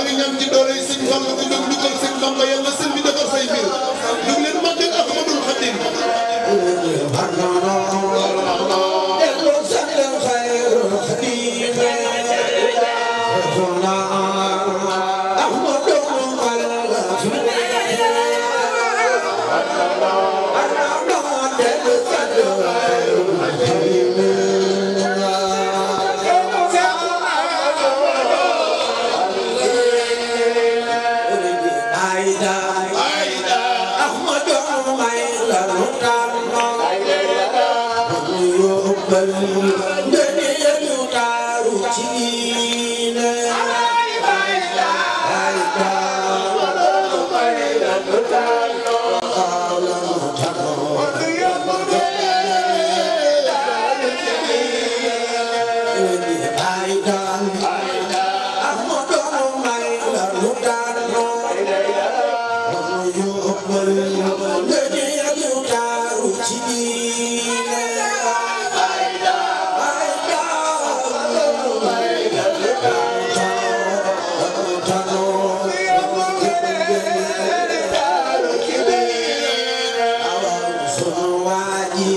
maa ngi ñaan ci doole sëñ Bamba nga jóg a sëñ Bamba yal na sëñ waa ji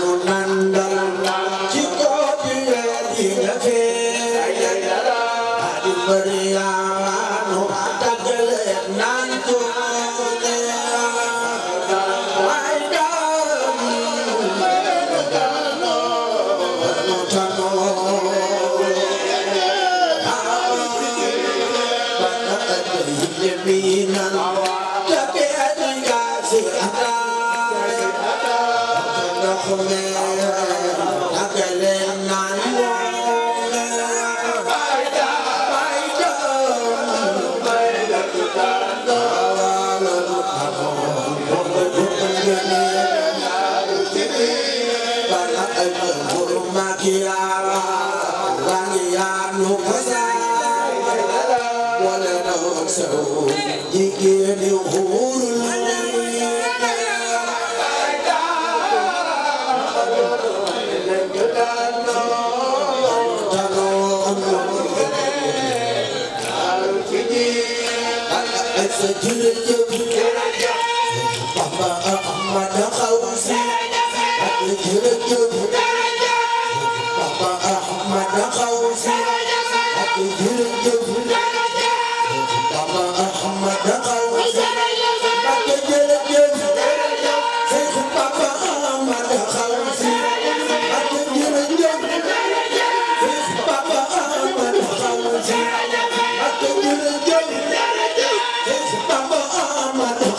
Ramona. jërëjëf Papa Ahmada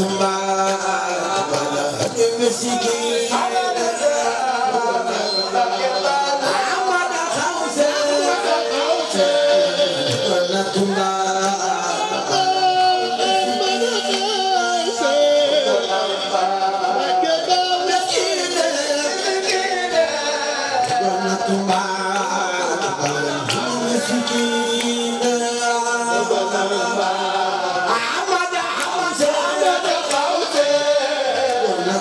ما بلا هجم سكين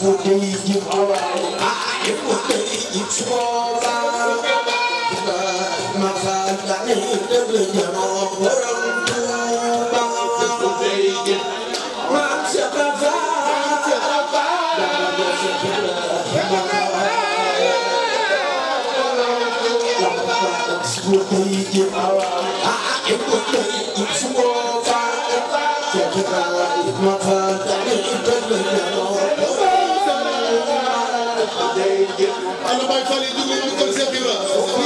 believe you are right. I will believe you for that. My father, I need to bring you on. Where I'm going, I'm going. Would they give our I would they give my father ana Baye Fall yi dugal dugal Cheikh Ibra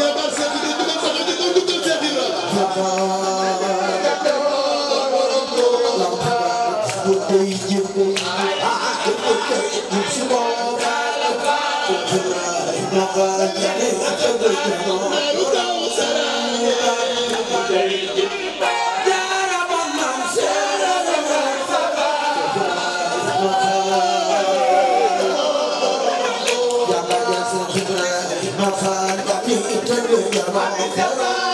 yaa baal Cheikh Ibra dugal sax dugal dugal Cheikh Ibra Thank you. Thank you.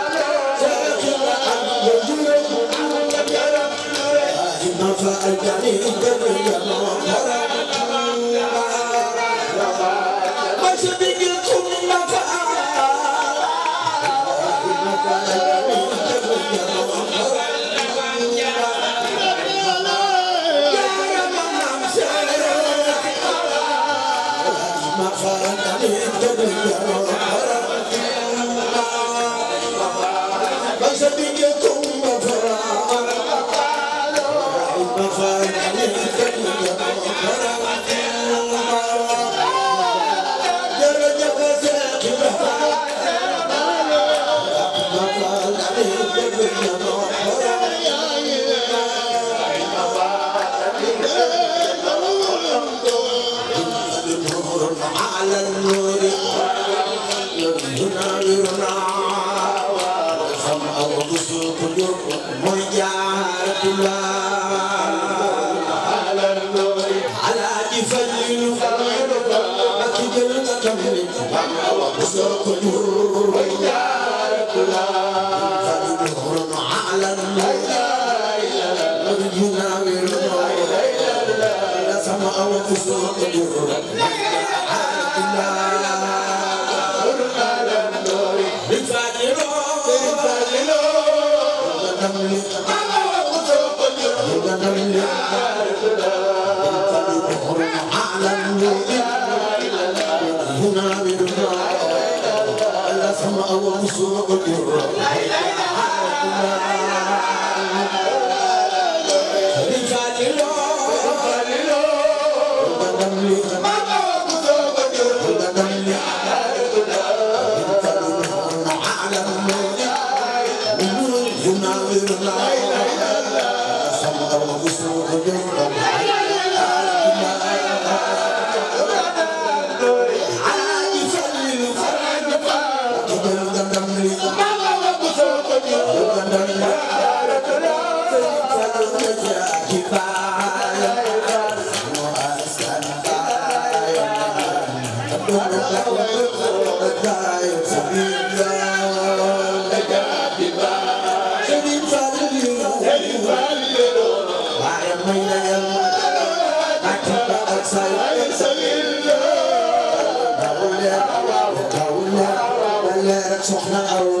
نفع الجميع جميعا soxna aw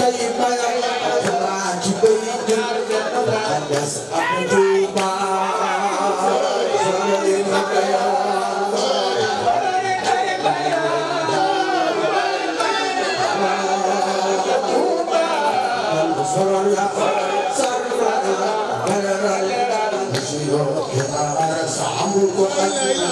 أمرك وقد